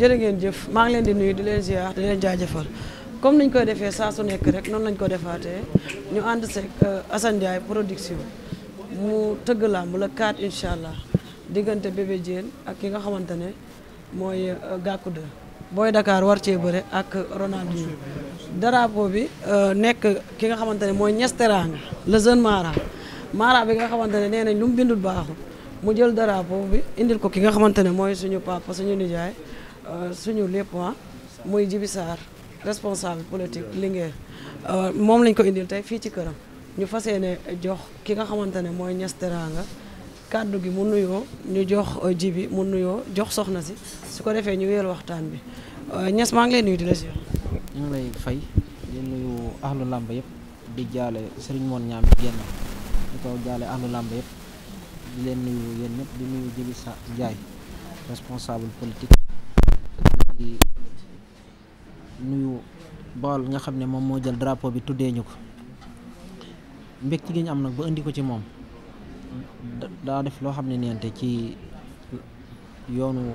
jërë ngeen jëf maa ngi leen di nuyu di leen ziar di leen jaajëfal comme ni ñu koy defee saa su nekk rek noonu lañ ko defaatee ñu ànd seeg euh, Assane production mu tëgg làmb la 4 incha allah diggante bébé Diène ak ki nga xamante ne mooy euh, Gàkku 2 booy Dakar war cee bëre ak Ronaldinho drapeau bi euh, nekk ki nga xamante ne mooy Niass Teranga le jeune Mara Mara bi nga xamante ne nee nañ lu mu bindul baaxul mu jël drapeau bi indil ko ki nga xamante ne mooy suñu papa suñu nijaay. Euh, suñu lépp mooy ah, muy Djibi Sarr responsable politique Linguère euh, moom lañ ko indil tey fii ci këram ñu fas ne jox ki nga xamante ne mooy Niass Teranga kàddu gi mu nuyoo ñu jox euh, Djibi mu nuyoo jox soxna si su ko defee ñu wéyal waxtaan bi Niass maa ngi lay nuyu di la si ñu fay nuyu ahlu làmb yëpp di jaale Serigne Moon ñaam génn di jaale ahlu làmb yëpp di leen nuyu yéen ñëpp di nuyu Djibi Sarr Ndiaye responsable politique nuyu Bawol nga xam ne moom moo jël drapeau bi tuddee ñu ko mbégte gi ñu am nag ba indi ko ci moom daa def loo xam ne neente ci yoonu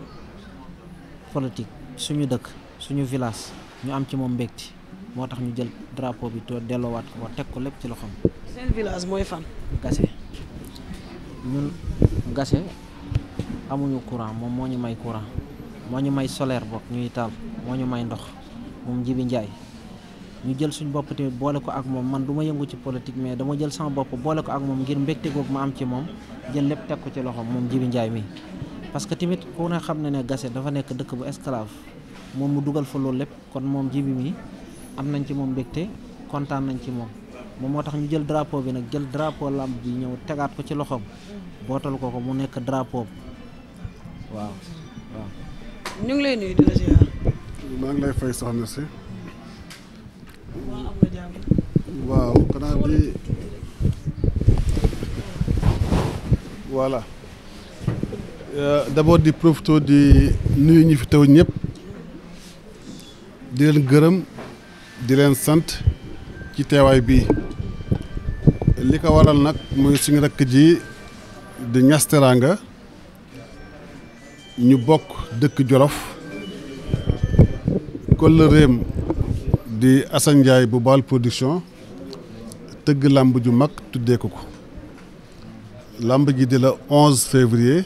politique suñu dëkk suñu village ñu am ci moom mbekti moo tax ñu jël drapeau bi to delloowaat ko teg ko lépp ci loxoom. seen village mooy fan. Gassé ñun amuñu courant moom moo ñu may courant. moo ñu may solaire bokk ñuy taal moo ñu may ndox moom Jibi Njaay ñu jël suñu bopp tamit boole ko ak moom man du ma yëngu ci politique mais dama jël sama bopp boole ko ak moom ngir mbégte googu ma am ci moom jël lépp teg ko ci loxoom moom Jibi Njaay mi parce que tamit ku ne xam na ne Gase dafa nekk dëkk bu esclave moom mu dugal fa loolu lépp kon moom Jibi mi am nañ ci moom mbégte kontaan nañ ci moom moom moo tax ñu jël drapeau bi nag jël drapeau lamb bi ñëw tegaat ko ci loxoom bootal ko ko mu nekk drapeau waaw waaw ñu ngi lay nuyu di la ngi lay fay soxna si. waaw xanaa di voilà euh, d'abord di profito di nuyu ñi fi taw ñëpp di leen gërëm di leen sant ci teewaay bii li ko waral nag mooy suñu rakk ji di Niass ñu bokk dëkk Jolof kóllëreem di Assane bu Baol Production tëgg làmb ju mag tuddee ko ko làmb ji di la 11 février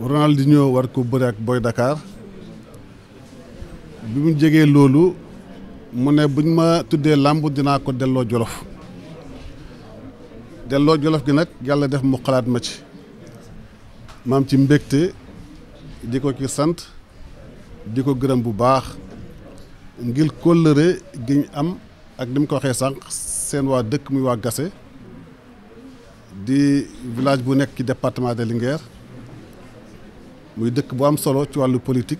Ronaldinho war ko bëre ak Boy Dakar bi mu jegee loolu mu ne buñ ma tuddee làmb dinaa ko delloo Jolof delloo Jolof gi nag yàlla def mu xalaat ma ci maam ci mbégte di ko ci sant di ko gërëm bu baax ngir kóllëre gi ñu am ak ni mu ko waxee sànq seen waa dëkk muy waa gase di village bu nekk ci département de Linguère muy dëkk bu am solo ci wàllu politik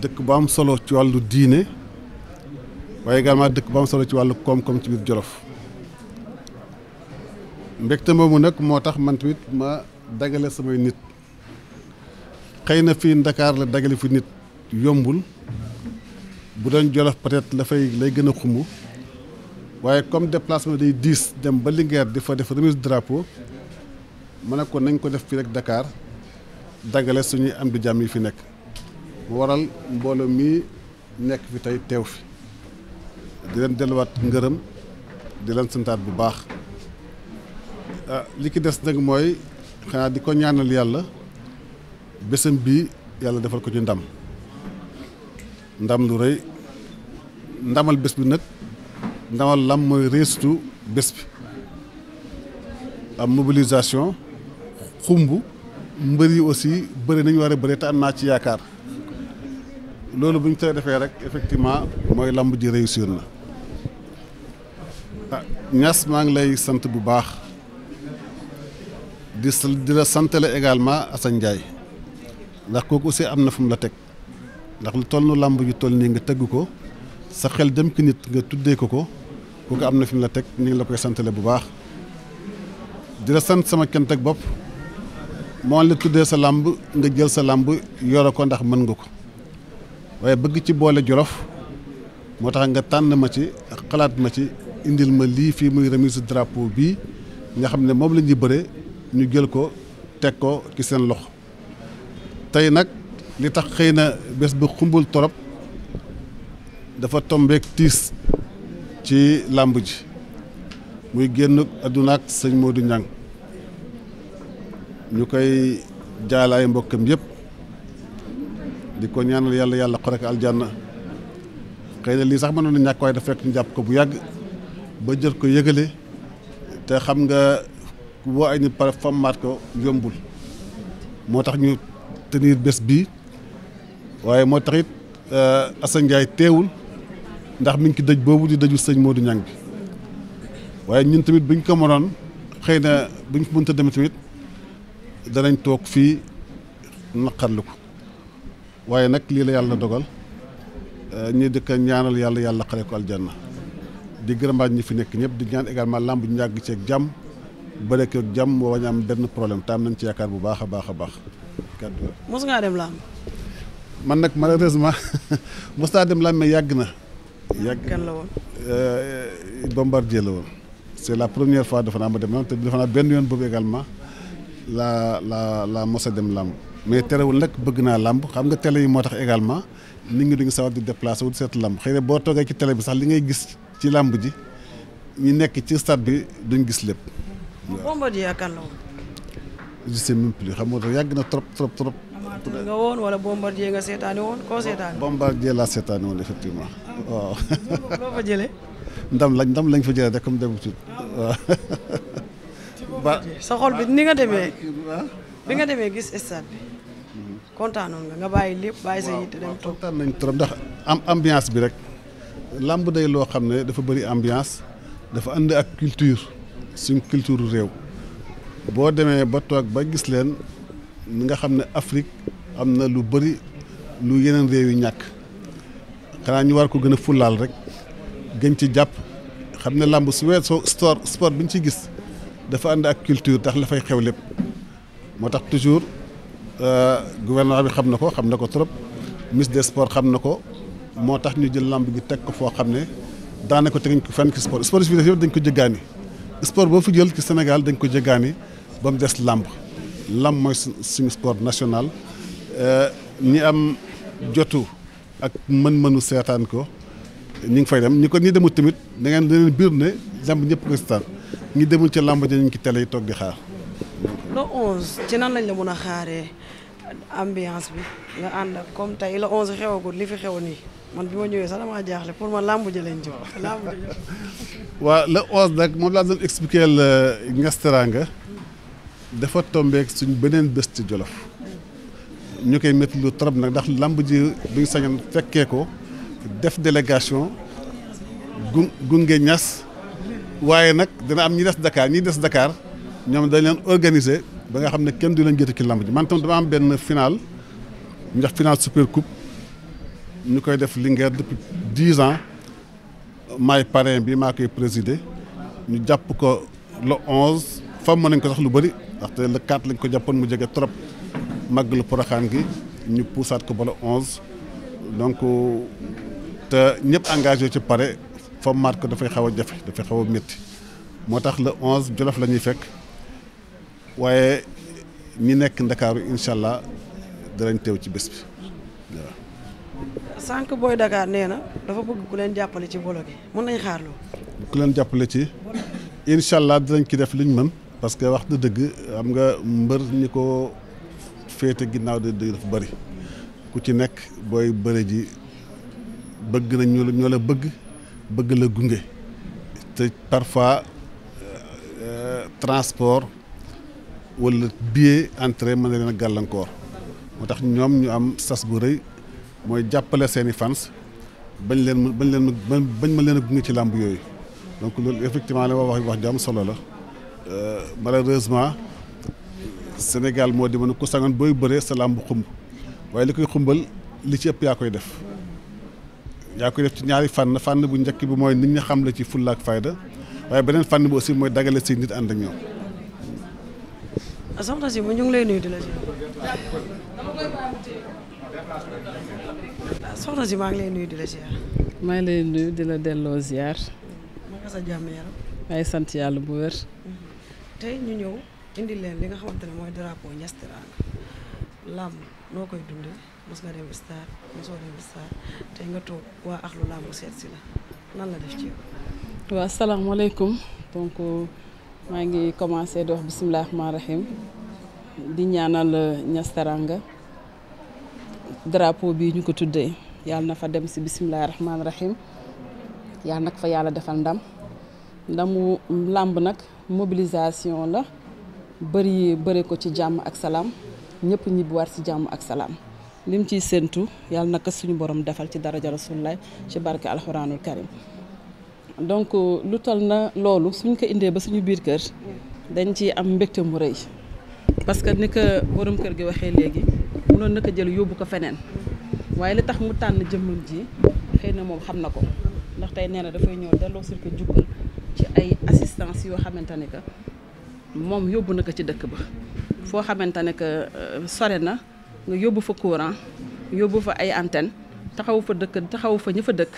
dëkk bu am solo ci wàllu diine waaye également dëkk bu am solo ci wàllu koom-koom ci biir Jolof mbégte moomu nekk moo tax man ma dagale samay nit xëy na fii Ndakaar la dagale fi nit yombul bu doon Jolof peut-être la fay lay gën a xumu waaye comme déplacement day diis dem ba Linguère di fa def remise drapeau ma ne ko nañ ko def fii rek Dakar dagale suñuy am di jàmm yi fi nekk mu waral mbooloo mii nekk fi tey teew fi di leen delluwaat ngërëm di leen santaat bu baax ah, li ki des nag mooy xanaa di ko ñaanal yàlla bésam bi yàlla defal ko ci ndam ndam lu rëy ndamal bés bi nag ndamal lam mooy réesitu bés bi am mobilisation xumb mbër yi aussi bëri nañu war a bëri te am naa ci yaakaar loolu bu ñu tey defee rek effectivement mooy lamb ji réussir na ñas ah, Niass maa ngi lay sant bu baax di di la santale également Assane Ndiaye ndax kooku aussi am na fu mu la teg ndax lu toll làmb ju toll nii nga tëgg ko sa xel dem ki nit nga tuddee ko ko kooku am na fi mu la teg ñu la koy santale bu baax di la sant sama kent ak bopp moo la tuddee sa làmb nga jël sa làmb yore ko ndax mën nga ko waaye bëgg ci boole jolof moo tax nga tànn ma ci xalaat ma ci indil ma lii fii muy remise drapeau bii nga xam ne moom lañuy ñuy bëre ñu jël ko teg ko ci seen loxo. tey nag li tax xëy na bés bu xumbul torop dafa tombeek tiis ci làmb ji muy génn àdduna ak sëñ Modou Niang ñu koy jaal ay mbokkam yëpp di ko ñaanal yàlla yàlla xore ko na xëy na lii sax ma na ñàkk waaye dafa fekk ñu jàpp ko bu yàgg ba jël ko yëgale te xam nga boo ay pare fommaat ko yombul moo tax ñu te tenir bés bii waaye moo taxit it euh, Assane teewul ndax mi ngi ci dëj boobu di dëju sëñ Modou Niang bi waaye ñun tamit buñ ko mënoon xëy na buñ ko mënta demee tamit danañ toog fii naqarlu ko waaye nag lii la yàlla dogal ñu di ko ñaanal yàlla yàlla xare ko aljanna di gërëmaat ñi fi nekk ñëpp di ñaan également làmb ñu ñàgg ceeg jàmm bëre ko jàmm waa ñu am benn problème taam nañ ci yaakaar bu baax a baax a baax. gàddu la mos ngaa dem làmb man nag malheureusement mos naa dem làmb mais yàgg na. yàgg kan la woon. Euh, Bombardier la woon. c'est la première fois dafa naa ma dem làmb te dafa naa benn yoon boobu également la la la mos a dem làmb mais terewul nag bëgg naa làmb xam nga télé yi moo tax également nit ñi duñu sawar di déplacé wu di seet làmb xëy na boo toogee ci télé bi sax li ngay gis ci làmb ji ñu nekk ci stade bi duñ gis lépp. Bombardier je sais même plus xam yàgg na trop trop trop. amateur nga woon wala bombardier nga seetaani woon koo seetaani. bombardier laa seetaani woon effectivement ah. waaw. loo ndam lañ fa jëlee rek comme d'habitude ah waaw. ba sa xol bi ni nga demee. Ah? bi nga demee gis stade bi. Mhm. kontaanoon nga nga bàyyi lépp bàyyi sa yitte dem nañ trop ndax am ambiance bi rek. làmb de loo xam ne dafa bëri ambiance dafa ànd ak culture suñ culture réew. boo demee ba toog ba gis leen nga xam ne Afrique am na lu bëri lu yeneen réew yu ñàkk xanaa ñu war ko gën a fullaal rek gën ci jàpp xam ne làmb su weesoo sport sport bi ñu gis dafa ànd culture tax la fay xew lépp moo tax toujours euh, gouvernement bi xam na ko xam ne ko trop ministre de sports xam na ko moo tax ñu jël làmb gi teg ko foo xam ne daanaka teguñ ko fenn ci sport sport bi dañ ko jëggaani sport boo fi jël ci Sénégal dañ ko jëggaani ba mu des làmb làmb mooy suñu sport national euh, ñi am jotu ak mën-mënu seetaan ko ñi ngi fay dem ñi ko ñi demul tamit da ngeen leen biir ne làmb ñëpp ko ñi demul ci làmb dinañ ci télé yi toog di xaar. le 11 ci nan lañ la mën a xaaree ambiance bi nga ànd ak comme tey le 11 xewagul li fi xew nii man bi ma ñëwee sax damaa jaaxle pour ma làmb ji lañ ci waaw le 11 nag moom laa doon expliquer la Ngas Teranga dafa tombeek suñ beneen bés ci jolof ñu koy métti lu trop nag ndax làmb ji duñ sañoon fekkee ko def délégation gun gunge ñas waaye nag dana am ñi des dakaar ñi des dakaar ñoom dañ leen organiser ba nga xam ne kenn du leen jëtu ci làmb ji man tam dama am benn final ñu def final super coupe ñu koy def Linguère depuis dix ans maay parrain bi maa koy présider ñu jàpp ko le onze fam mën nañ ko sax lu bari ndaxte le 4 lañ ko jàppoon mu jege trop lu Porokhane gi ñu puusaat ko ba le 11 donc te ñëpp engagé ci pare fa maat ko dafay xaw a jafe dafay xaw a métti moo tax la 11 Jolof la ñuy fekk waaye ñi nekk Ndakaaru incha allah danañ teew ci bés bi waaw. sànq booy Dakar nee na dafa bëgg ku leen jàppale ci bolo gi mën nañ xaar loolu. ku leen jàppale ci incha allah dinañ ki def liñ mën. parce que wax na dëgg am nga mbër ñi ko féete ginnaaw di dafa bëri ku ci nekk booy bëre ji bëgg na ñu ñoo la bëgg bëgg la gunge te parfois euh, euh, transport wala billet entrée mën na leen gàllankoor moo tax ñoom ñu am sas bu rëy mooy jàppale seeni fans bañ leen bañ leen bañ ma leen a gunge ci làmb yooyu donc loolu effectivement li ma wax wax ju am solo la Euh, malheureusement Sénégal moo di ma ne ku sangoon booy bëree sa làmb xumb waaye li koy xumbal li ci ëpp yaa koy def yaa koy def ci ñaari fànn fànn bu njëkk bi mooy nit ñi xam la ci fulla ak fayda waaye beneen fànn bi aussi mooy dagale si nit ànd ak ñoom. soxna si lay nuyu di la ziar. Ah, soxna si maa ngi lay nuyu di la di delloo ziar. maa ngi sant yàlla bu wér. tey ñu ñëw indi leen li nga xamante ne mooy drapeau Niass Téranga làmb noo koy dundee mos nga dem stade mosoo dem stade tey nga toog waa axlu làmb seet la nan la def ci yow. waaw asalaamaaleykum donc maa ngi commencé di wax bisimilah rahmaani rahim di ñaanal Niass Téranga drapeau bi ñu ko tuddee yàlla na fa dem si bisimilah rahmaani rahim yàlla nag fa yàlla defal ndam ndamu làmb nag. mobilisation la bëri bëri ko ci jàmm ak salaam ñëpp ñibbiwaat si jàmm ak salaam lim ciy séentu yàlla naka suñu borom defal ci daraja Rasulullah ci barke alxuraanul karim donc lu tal na loolu suñ ko indee ba suñu biir kër dañ ci am mbégte mu rëy parce que ni borom kër gi waxee léegi mënoon na jël yóbbu ko feneen waaye li tax mu tànn jëmmam ji xëy na moom xam na ko ndaxte tey nee na dafay ñëw delloo circuit jukkal ci ay assistance yoo xamante ne que moom yóbbu na ko ci dëkk ba foo xamante ne que euh, sore na nga yóbbu fa courant yóbbu fa ay antenne taxawu fa dëkk taxawu fa ña fa dëkk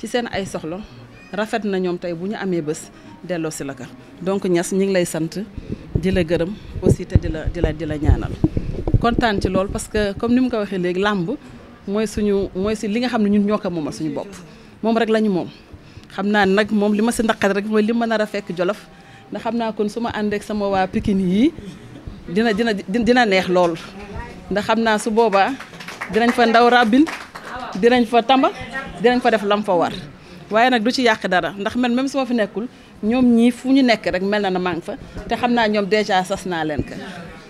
ci seen ay soxla rafet na ñoom tey bu ñu amee bés delloo si la ka donc ñas ñi ngi lay sant di la gërëm aussi te di la di la di la ñaanal kontaan ci loolu parce que comme ni mu ko waxee léegi làmb mooy suñu mooy si li nga xam ne ñun ñoo ko moomal suñu bopp moom rek la ñu moom xam naa nag moom li ma si naqari rek mooy li ma nar a fekk jolof ndax xam naa kon su ma ànd ak sama waa Pikine yii dina dina dina neex lool ndax xam naa su boobaa dinañ fa ndaw rabin dinañ fa tamba dinañ fa def lam fa war waaye nag du ci yàq dara ndax man même su fi nekkul ñoom ñii fu ñu nekk rek mel na na maa ngi fa te xam naa ñoom déjà sas naa leen ka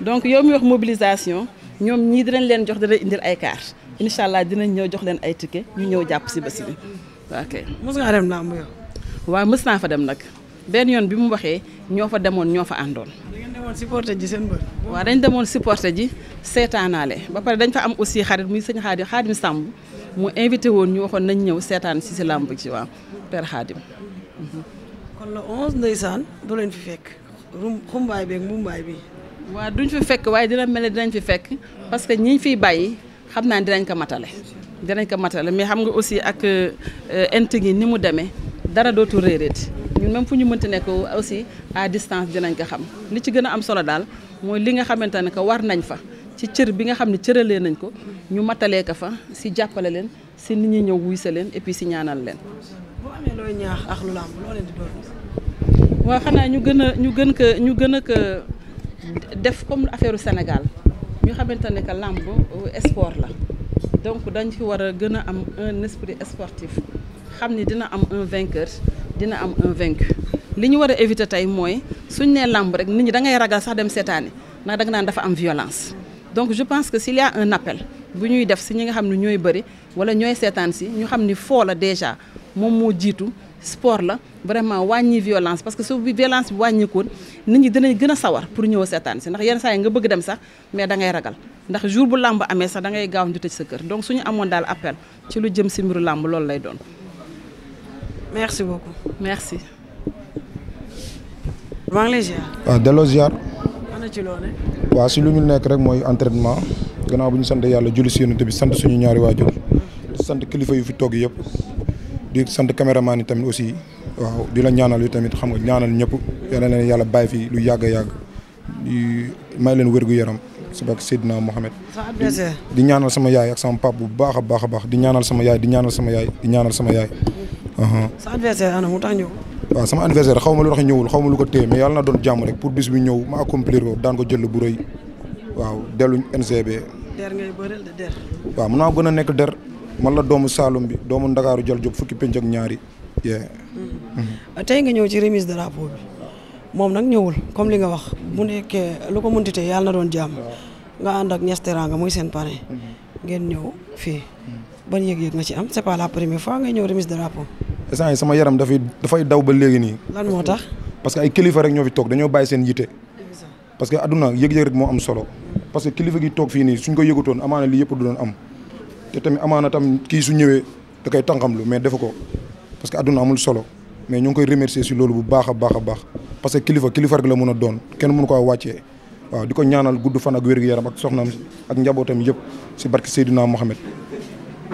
donc yow mi wax mobilisation ñoom ñii dinañ leen jox dara indil ay kaar incha allah dinañ ñëw jox leen ay ticket ñu ñëw jàpp si bés waaw mos ngaa dem làmb yow. waaw mës naa fa dem nag benn yoon bi mu waxee ñoo fa demoon ñoo fa àndoon. da ngeen demoon seen bër. dañ demoon supporter ji seetaanaale ba pare dañ fa am aussi xarit muy sëñ Xaadim Xaadim Samb mu invité woon ñu waxoon nañ ñëw seetaan si si làmb ji waa Père Xaadim. Mhm. kon la 11 ndeysaan du leen fi fekk rum xumbaay beeg mumbaay bi. waaw duñ fi fekk waaye dina mel ne dinañ fi fekk parce que ñiñ fiy bàyyi xam naa dinañ ko matale. dinañ ko matale mais xam nga aussi ak int euh, gi ni mu demee dara dootul réeréet ñun même fu ñu mënti nekk aussi à distance dinañ ko xam li ci gën a am solo daal mooy li nga xamante ne que war nañ fa ci cër bi nga xam ne cëralee nañ ko ñu matalee ko fa si jàppale leen si nit ñi ñëw wuy sa leen et puis si ñaanal leen. boo ñaax ak lu làmb loo xanaa ñu gën a ñu gën ko ñu gën a ko def comme affaire Sénégal ñu xamante ne que làmb sport la. donc dañ fi war a gën a am un esprit sportif xam ni dina am un vainqueur dina am un vaincu li ñu war a éviter tey mooy suñ nee làmb rek nit ñi da ngay ragal sax dem seetaani ndax da nga naan dafa am violence. donc je pense que s'il y un appel bu ñuy def si ñi nga xam ne ñooy bëri wala ñooy seetaan si ñu xam ni foo la déjà moom moo jiitu sport la. vraiment wàññi violence parce que su violence bi wàññikoon nit ñi dinañ gën a sawar pour ñëw seetaan si ndax yenn saa nga bëgg dem sax mais da ngay ragal ndax jour bu làmb amee sax da ngay gaaw ñu sa kër donc suñu amoon daal appel ci lu jëm si mbiru loolu lay doon. merci beaucoup. merci. maa ngi lay ziar. waaw ah, delloo ci loo ne. waaw lu ñu nekk rek mooy entraînement gannaaw bu ñu sant yàlla julli si yonent bi sant suñu ñaari waajur sant kilifa yu fi toog yëpp di sant caméraman yi tamit aussi. waaw di la ñaanal yi tamit xam nga ñaanal ñëpp yal na yàlla bàyyi fii lu yàgg yàgg may leen wér gu yaram su bak Seydina Mohamed di ñaanal sama yaay ak sama pap bu baax a baax a baax di ñaanal sama yaay di ñaanal sama yaay di sama yaay. sa adversaire tax ñëw. waaw sama xaw ma lu tax ñëwul xaw ma lu ko téye mais yàlla na doon jàmm rek pour bis bi ñëw ma accomplir ko daan ko jël bu rëy waaw dellu NCB. der ngay bëreel de der. waaw mën naa gën a nekk der man la doomu Saalum bi doomu Ndakaaru jël job fukki penc ak ñaari Mm-hmm. tey nga ñëw ci remise de drapeau bi moom nag ñëwul comme li nga wax mu nekkee lu ko mënti yàlla doon jàmm nga ànd ak Niass Teranga muy seen mm-hmm. ngeen ñëw fii mm-hmm. ban yëg-yëg nga am c'est pas la première fois nga ñëw remise de drapeau. instant yaram dafay dafay daw ba léegi nii. lan moo tax. parce que kilifa rek ñoo fi toog dañoo bàyyi seen yitte. parce que adduna yëg-yëg moo am solo. parce que kilifa gi toog fii nii suñ ko yëgutoon amaana lii yëpp du doon am te tamit amaana tam kii su ñëwee dakay koy lu mais defu ko. parce que àdduna amul solo mais ñoo ngi koy remercier si loolu bu baax a baax a baax parce que kilifa kilifa rek la mën a doon kenn mënu ko wàccee waaw di ko ñaanal gudd fan ak wér-gu-yaram ak soxnaam ak njabootam yëpp si barke Seydina Mohamed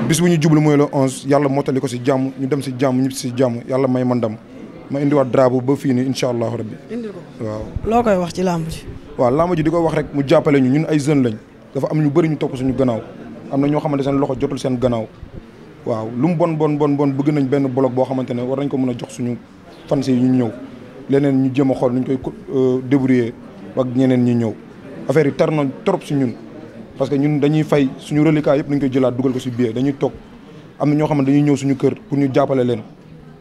bis bu ñu jublu mooy la onze yàlla mottali ko si jàmm ñu dem si jàmm ñib si jàmm yàlla may ma ndam ma indiwaat drapeau ba fii nii incha allahu rabbi waaw loo koy wax ci làmb ji waaw làmb ji di ko wax rek mu jàppale ñu ñun ay jeunes lañ dafa am ñu bëri ñu topp suñu gannaaw am na ñoo xamante seen loxo jotul seen gannaaw waaw lu mu bon bon bon bon bëgg nañ benn bloc boo xamante ne war nañ ko mën a jox suñu fans yi ñu ñëw leneen ñu jéem a xool nuñ koy euh, débrouiller ak ñeneen ñi ñëw affaire yi tar na trop si ñun parce que ñun dañuy fay suñu reliquat yëpp dañ koy jëlaat dugal ko si biir dañuy toog am na ñoo xam ne dañuy ñëw suñu kër pour ñu jàppale leen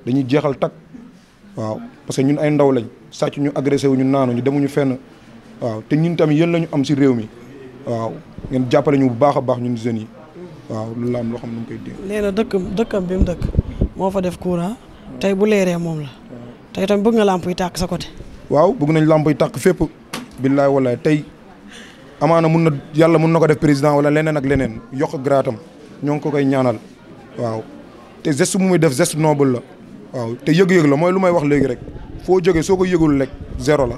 dañuy jeexal tak waaw parce que ñun ay ndaw lañ sàcc ñu agressé wu ñu naanu ñu demuñu fenn waaw te ñun tamit yéen la ñu am si réew mi waaw ngeen jàppale ñu bu baax a baax ñun jeunes yi waaw lu la loo xam ne mu koy dégg. nee na dëkk dëkkam bi mu dëkk moo fa def courant tey bu leeree moom la tey tamit bëgg nga làmp yi tàkk sa côté. waaw bëgg nañ làmp yi tàkk fépp. billaay walaay tey amaana mun na yàlla mun na ko def président wala leneen ak leneen yokk graatam ñoo ngi ko koy ñaanal waaw te geste bu muy def geste noble la te yëg-yëg la mooy lu may wax léegi rek foo jógee soo ko yëgul rek zéro la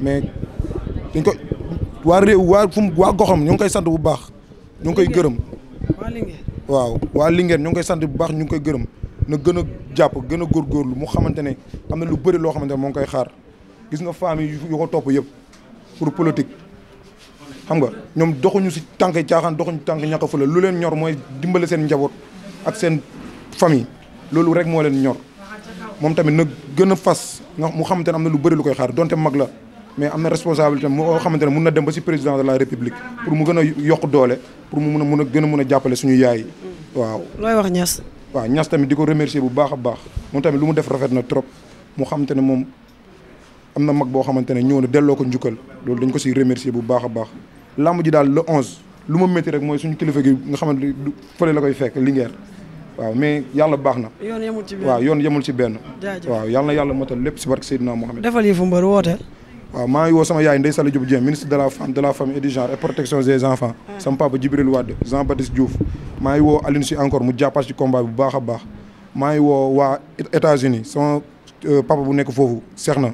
mais dañ ko waa réew waa fu mu waa goxam ñu ngi koy sant bu baax ñoo ngi koy gërëm. waaw waa Linguère ñu ngi koy sant bu baax ñu ngi koy gërëm na gën a jàpp gën a góor góorgóorlu mu xamante ne am na lu bëri loo xamante ne moo ngi koy xaar gis nga famille yu ko topp yëpp pour politique xam nga ñoom doxuñu si tànk caaxaan doxuñu tànk ñàkk fu lu leen ñor mooy dimbale seen njaboot ak seen famille loolu rek moo leen ñor moom tamit na gën a fas nga mu xamante ne am na lu bari lu koy xaar donte mag la mais am na responsabilité moo xamante ne mun na dem ba si président de la république pour mu gën a yokk doole pour mu mun a mun a gën a mun a jàppale suñu yaay yi waaw. looy wax Niass. waaw Niass tamit di ko remercier bu baax a baax moom tamit lu mu def rafet na trop mu xamante ne moom am na mag boo xamante ne ñëw na delloo ko njukkal loolu dañ ko si remercier bu baax a baax. làmb ji daal le 11 lu ma métti rek mooy suñu kilifa gi nga xamante ne fële la koy fekk Linguère waaw mais yàlla baax na. yoon yemul ci benn benn. waaw yàlla na yàlla defal woote. waaw maa ngi woo sama yaay Ndeye Saly Diop Dieng ministre de la femme de la famille et du genre et protection des enfants sama papa Djibril Wade Jean Baptiste Diouf maa ngi woo Aline si encore mu jàppal ci combat bu baax a baax maa ngi woo waa États-Unis sama euh, papa bu nekk foofu seex na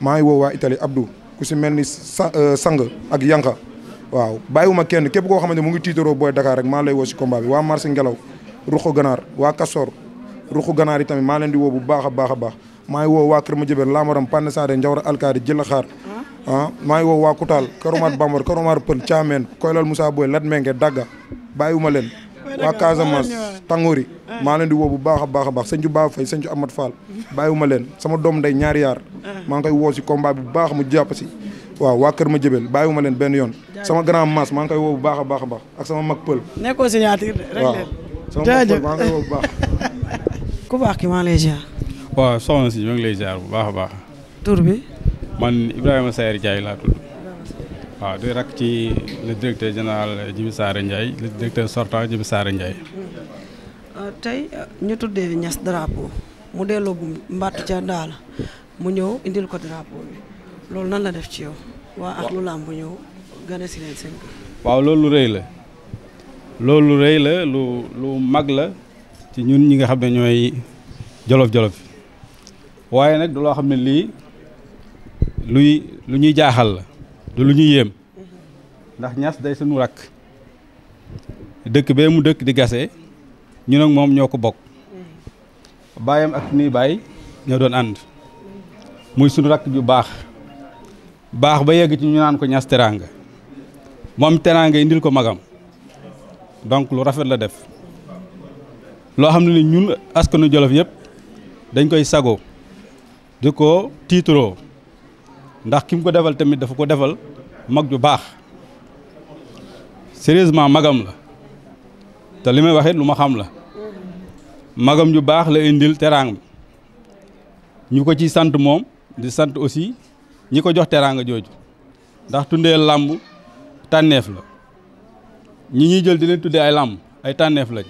maa ngi woo waa Italie Abdou ku si mel ni euh, sang ak yanka waaw bàyyiwuma kenn képp koo xamante mu ngi tiitaroo booy Dakar rek maa lay woo si combat waa marché ngelaw ruqu ganaar waa Kasor ruqu ganaar yi tamit maa leen di bu baax a baax a baax maa ngi wow waa Kër Madiabel Lamaram Pane Sade Njawra Alkaari Jilaxaar ah maa ngi wow waa Koutal Kër Omar Bambar Kër Omar Pël Thiamène Koylal Moussa Boye Latmengue Dagga bàyyiwuma leen waa Casamance Tangori eh. maa leen di woo bu baax a baax a baax sëñ Ba Faye sëñ Amat Fall bàyyiwuma leen sama doom nday ñaari yaar eh. maa ngi koy woo si combat bi bu baax mu jàpp si waaw waa Kër Madiabel bàyyiwuma leen benn yoon sama grand mas maa ngi koy woo bu baax a baax a ak sama mag pël nekkoon signature rek waaw sama mag pël maa waaw soxna si ñu ngi jaar bu baax a baax. tur bi. man Ibrahima Sayer Ndiaye laa tudd. waaw di rak ci la directeur général Djibi Saare Ndiaye le directeur sortant Djibi Saare Ndiaye. Euh, tey euh, ñu tuddee ñas drapeau mu delloo bu mbatt ca daala mu ñëw indil ko drapeau bi loolu nan la def ci yow. waa ak ñëw gane waaw loolu rëy la loolu rëy la lu lu mag la ci ñun ñi nga xam ne ñooy jolof jolof. waaye nag du loo xam ne lii luy lu ñuy jaaxal la lu ñuy yéem ndax ñas day suñu rakk dëkk bee mu dëkk di gase ñu nag moom ñoo ko bokk baayam ak nii baay ñoo doon ànd muy suñu rakk ju baax baax ba yegg ci ñu naan ko ñas teraanga moom teraanga indil ko magam donc lu rafet la def loo xam ne ni ñun askanu Jolof yëpp dañ koy sago di ko tiituroo ndax ki ko defal tamit dafa ko defal mag ju baax sérieusement magam la te li may waxit lu ma xam la magam ju baax la indil teraanga ñu ko ci sant moom di sant aussi ñi ko jox teraanga jooju ndax tundee làmb tànneef la ñi ñuy jël di leen tuddee ay làmb ay tànneef lañ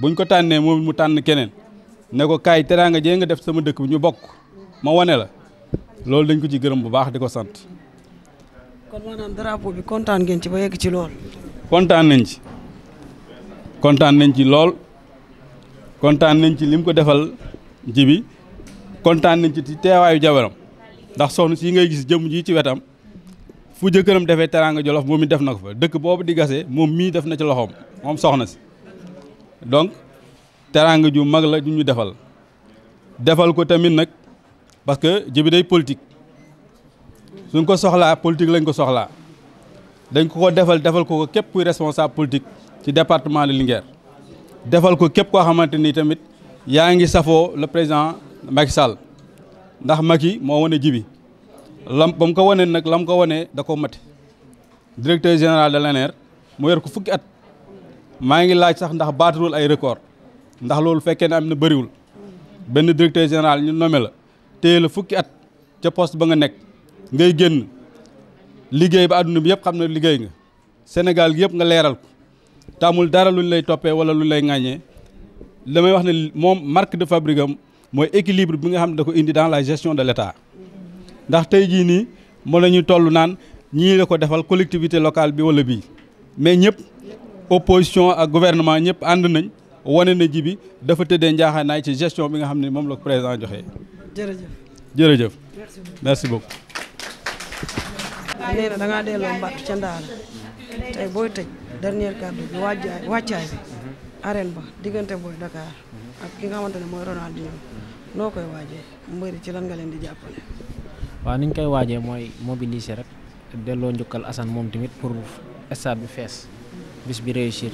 buñ ko tànnee moom mu tànn keneen ne ko kaay teraanga jee nga def sama dëkk bi ñu bokk ma wane la loolu dañ ko ci gërëm bu baax di ko sant. kon maanaam drapeau bi kontaan ngeen ci ba yegg ci lool. kontaan nañ ci kontaan nañ ci lool kontaan nañ ci lim ko defal jibi kontaan nañ ci ci teewaayu jabaram ndax soxna si ngay gis jëmm ji ci wetam fu jëkkëram defee teraanga jolof moom mi def na ko fa dëkk boobu di gasee moom mii def na ci loxoom moom soxna si donc teraanga ju mag la ju ñu defal defal ko tamit nag. parce que jibi day politique suñ ko soxlaa politique lañ ko soxlaa dañ ko ko defal defal ko ko képp kuy responsable politique ci département de Linguère defal ko képp koo xamante ni tamit yaa ngi safoo le président Macky Sall ndax Macky moo wane jibi lam ba mu ko wanee nag lam ko wanee da ko mati directeur général de l'ANER mu yor ko fukki at maa ngi laaj sax ndax baaturul ay record ndax loolu fekkee ne am na bëriwul benn directeur général ñu nommé la téye la fukki at ca post ba nga nekk ngay génn liggéey ba àdduna bi yëpp xam na liggéey nga Sénégal gi yëpp nga leeral ko te amul dara luñ lay toppee wala luñ lay ŋàññee damay wax ne moom marque de fabrique am mooy équilibre bi nga xam ne da ko indi dans la gestion de l'État ndax tey jii nii moo la ñuy toll naan ñii la ko defal collectivité locale bi wala bii mais ñëpp opposition ak gouvernement ñëpp ànd nañ wane na ji bi dafa tëddee njaaxaanaay ci gestion bi nga xam ne moom la ko président jërëjëf jërëjëf merci beaucoup nee na da ngaa delloo mbattu ca ndaala tey booy tëj dernière kàddu bi wàccaay wàccaay bi arène ba diggante booy Dakar ak ki nga xamante ne mooy Ronaldinho noo koy waajee mbëri ci lan nga leen di jàppale waaw ni ñu koy waajee mooy mobiliser rek delloo njukkal Assane moom tamit pour stade bi fees bis bi réussir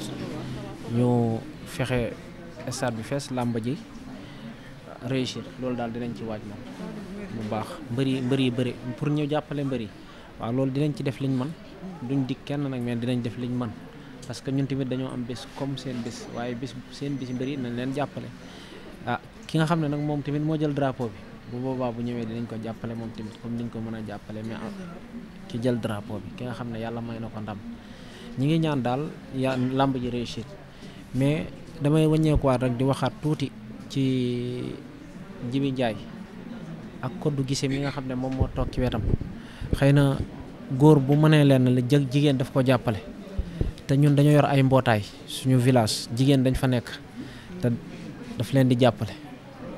ñu fexe stade bi fees làmb ji réussir loolu daal dinañ ci waaj moom bu baax mbëri mbëri bëri pour ñu jàppale mbëri waaw loolu dinañ ci def liñ man duñ dik kenn nag mais dinañ def liñ man parce que ñun tamit dañoo am bés comme seen bés waaye bés seen bés mbëri nañ leen jàppale ah ki nga xam ne nag moom tamit moo jël drapeau bi bu boobaa bu ñëwee dinañ ko jàppale moom tamit comme niñ ko mën a jàppale mais ah, ki jël drapeau bi ki nga xam ne yàlla may na ko ndam ñi ngi ñaan daal ya làmb ji réussir mais damay wàññeekuwaat rek di waxaat tuuti ci Jibi Njaay ak koddu gise mi nga xam ne moom moo toog ci wetam xëy na góor bu mënee leen la jëg jigéen daf ko jàppale te ñun dañoo yor ay mbootaay suñu village jigéen dañ fa nekk te daf leen di jàppale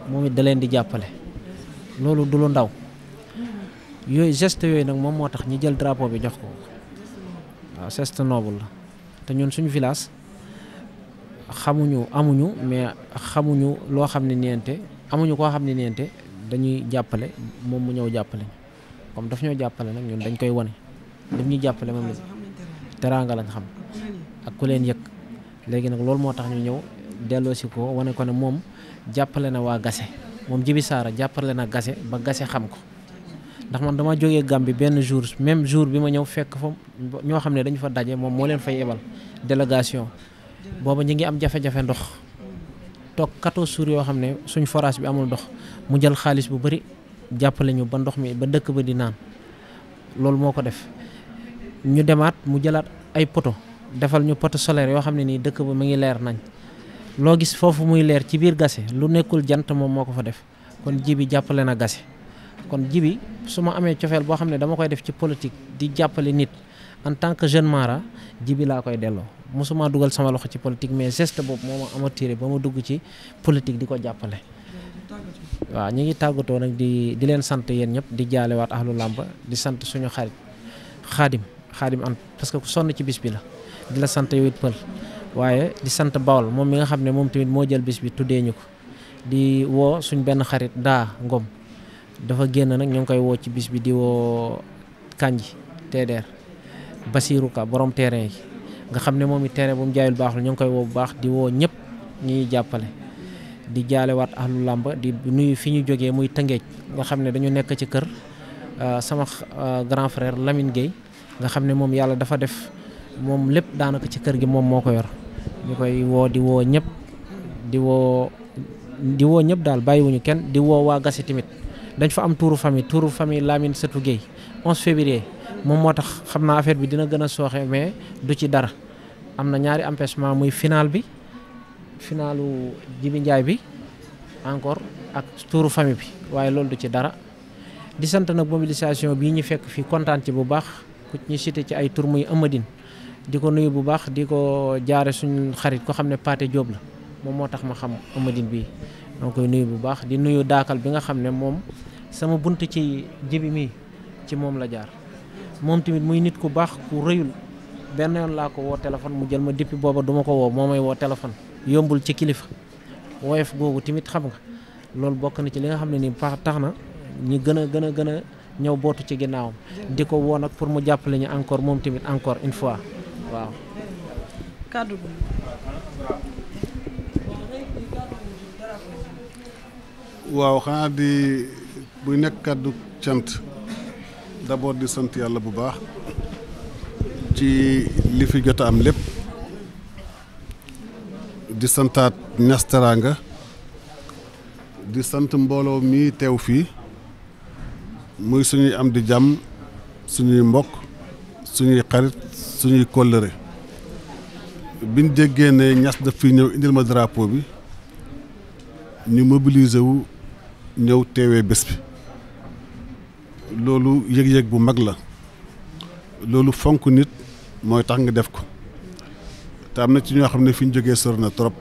moom it da leen di jàppale loolu du lu ndaw yooyu gest yooyu nag moom moo tax ñi jël drapeau bi jox ko waaw geste noble la te ñun suñu village xamuñu amuñu mais xamuñu loo xam ne niente amuñu koo xam ne neente dañuy jàppale moom mu ñëw jàppale ñu comme daf ñoo jàppale nag ñun dañ koy wane daf ñuy jàppale moom la lañ xam ak ku leen yëg léegi nag loolu moo tax ñu ñëw delloo si ko wane ko ne moom jàppale na waa Gase moom Jibi Saara jàppale na Gase ba Gase xam ko ndax man dama jóge gàmm bi benn jours même jour bi ma ñëw fekk fa ñoo xam ne dañu fa daje moom moo leen fay ebal délégation booba ñu ngi am jafe-jafe ndox. toog 14 jours yoo xam ne suñ forage bi amul ndox mu jël xaalis bu bëri jàppale ñu ba ndox mi ba dëkk ba di naan loolu moo ko def ñu demaat mu jëlaat ay poto defal ñu poto solaire yoo xam ne nii dëkk ba mu ngi leer nañ loo gis foofu muy leer ci biir gase lu nekkul jant moom moo ko fa def kon jibi jàppale na gase kon jibi su ma amee cofeel boo xam ne dama koy def ci politique di jàppale nit en tant que jeune mara jibi laa koy delloo mosuma dugal sama loxo ci politique mais geste boobu moo ma amatiré ba ma dugg ci politique di ko jàppale. waaw ñu ngi tàggatoo nag di di leen sant yéen ñëpp di jaalewaat ahlu làmb di sant suñu xarit xaadim xaadim am parce que ku sonn ci bis bi la di la sant yow it pël waaye di sant bawol moom mi nga xam ne moom tamit moo jël bis bi tuddee ñu ko di woo suñ benn xarit daa ngom dafa génn nag ñoo ngi koy woo ci bis bi di woo kanji teedeer basiiru ka borom terrain yi nga xam ne moom it tere bu mu jaayul baaxul ñu ngi koy woo bu baax di woo ñëpp ñuy jàppale di jaalewaat ahlu làmb di nuyu fi ñu jógee muy tëngeej nga xam ne dañu nekk ci kër euh, sama euh, grand frère Lamine Gueye nga xam ne moom yàlla dafa def moom lépp daanaka ci kër gi moom moo ko yor ñu koy woo di woo ñëpp di woo di woo ñëpp daal bàyyiwuñu kenn di woo waa gasi tamit dañ fa am tuuru famille tuuru famille Lamine sa Gueye 11 février moom moo tax xam naa affaire bi dina gën a sooxe mais du ci dara am na ñaari empêchement muy final bi finalu Jibi Njaay bi encore ak tuuru famille bi waaye loolu du ci dara di sant nag mobilisation bii ñu fekk fii kontaan ci bu baax ku ñu cité ci ay tur muy Amadine di ko nuyu bu baax di ko jaare suñu xarit ko xam ne Paté Diop la moom moo tax ma xam Amadine bii danga koy nuyu bu baax di nuyu daakal bi nga xam ne moom sama bunt ci jibi mii ci moom la jaar moom tamit muy nit ku baax ku rëyul benn yoon laa ko woo téléphone mu jël ma depuis booba du ko woo moo may woo téléphone yombul ci kilifa woyof googu tamit xam nga loolu bokk na ci li nga xam ne nii pa tax na ñi gën a gën a gën ñëw bootu ci ginnaawam di ko woo nag pour mu jàppale ñu encore moom tamit encore une fois waaw. kàddu gu waaw xanaa di bu nekk kàddu cant d'abord di sant yàlla bu baax. ci li fi jot am lépp di santaat Niass Téranga di sant mbooloo mi teew fii muy suñuy am di jàmm suñuy mbokk suñuy xarit suñuy kóllëre biñ déggee ne Niass daf ñëw indil ma drapeau bi ñu mobiliser wu ñëw teewee bés bi loolu yëg-yëg bu mag la loolu fonk nit mooy tax nga def ko te am na ci ñoo xam ne fi ñu jógee sori na trop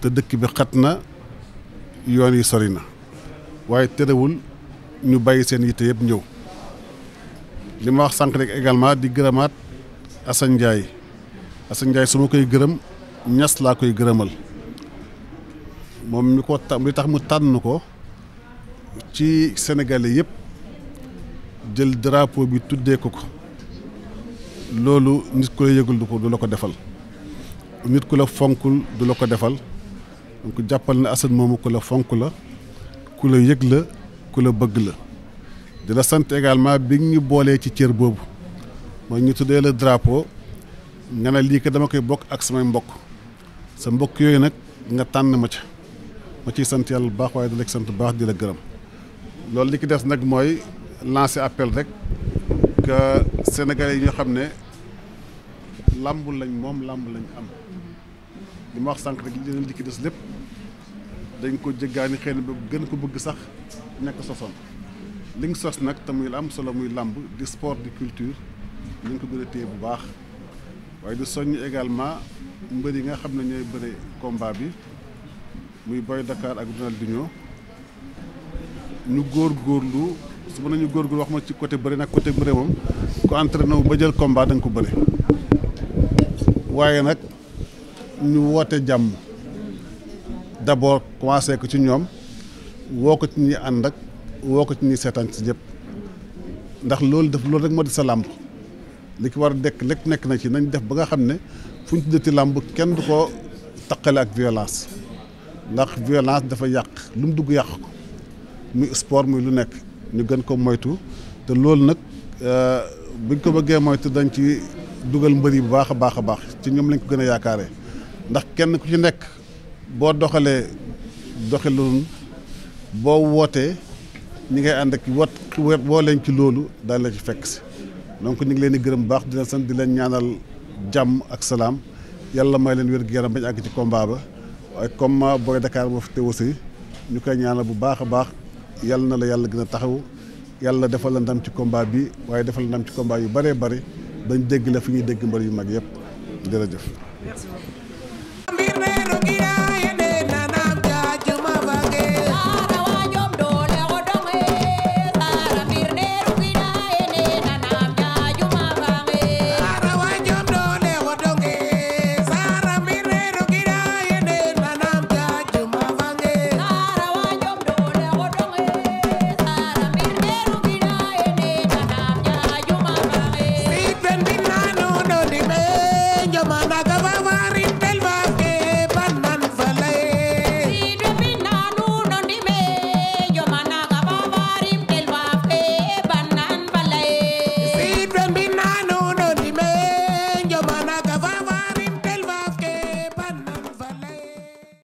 te dëkk bi xat na yoon yi sori na waaye terewul ñu bàyyi seen yitte yëpp ñëw li ma wax sànq rek également di gërëmaat Assane Ndiaye Assane Ndiaye su ma koy gërëm ñas laa koy gërëmal moom mi ko tam li tax mu tànn ko ci Sénégalais yëpp jël drapeau bi tuddee ko ko. loolu nit ku la yëgul du la ko defal nit ku la fonkul du la ko defal donc jàppal na Assane moomu ku la fonk la ku la yëg la ku la bëgg la di la sant également bi ñu boolee ci cër boobu mooy ñu tuddee la drapeau nga ne lii ko dama koy bokk ak samay mbokk sa mbokk yooyu nag nga tànn ma ca ma ciy sant yàlla bu baax waaye di la sant bu baax di la gërëm loolu li ki des nag mooy lancer appel rek que sénégalais yi ñu xam ne làmb lañ moom làmb lañ am li ma wax sànq rek li di ki des lépp dañ ko jéggaani xëy na ba gën ko bëgg sax nekk sosoon li nga sos nag te muy am solo muy làmb di sport di culture ñu ko gën a téye bu baax waaye di soññ également mbër yi nga xam ne ñooy bëre combat bi muy Boy Dakar ak Ronaldinho ñu góor góorlu su mën nañu góorgóorlu wax ma ci côté bëri nag côté bëri moom ku entraîné wu ba jël combat da ko bëri waaye nag ñu woote jàmm d'abord commencé ko ci ñoom woo ko ci ñi ànd ak woo ko ci ñi seetaan ci ñëpp ndax loolu def loolu rek moo di sa làmb li ki war a dekk lépp nekk na ci nañ def ba nga xam ne fu ñu tuddati làmb kenn du ko taqale ak violence ndax violence dafa yàq lu mu dugg yàq ko muy sport muy lu nekk ñu gën ko moytu te loolu nag euh, buñ ko bëggee moytu dañ ci dugal mbëri bu baax a baax a baax ci ñoom lañ ko gën a yaakaaree ndax kenn ku ci nekk boo doxalee doxalin boo wootee ñu ngay ànd ak wat woo leen ci loolu daal la ci fekk si donc ñu ngi leen di gërëm bu baax di leen sant di leen ñaanal jàmm ak salaam yàlla may leen wér-gu-yaram bañ àgg ci combat ba waaye comme booy Dakar boo fi teew aussi ñu koy ñaanal bu baax a baax. yàlla na la yàlla gën a taxaw yàlla defal la ndam ci combat bi waaye defal la ndam ci combat yu bëree bëri bañ dégg la fi ñuy dégg mbër yu mag yëpp jërëjëf.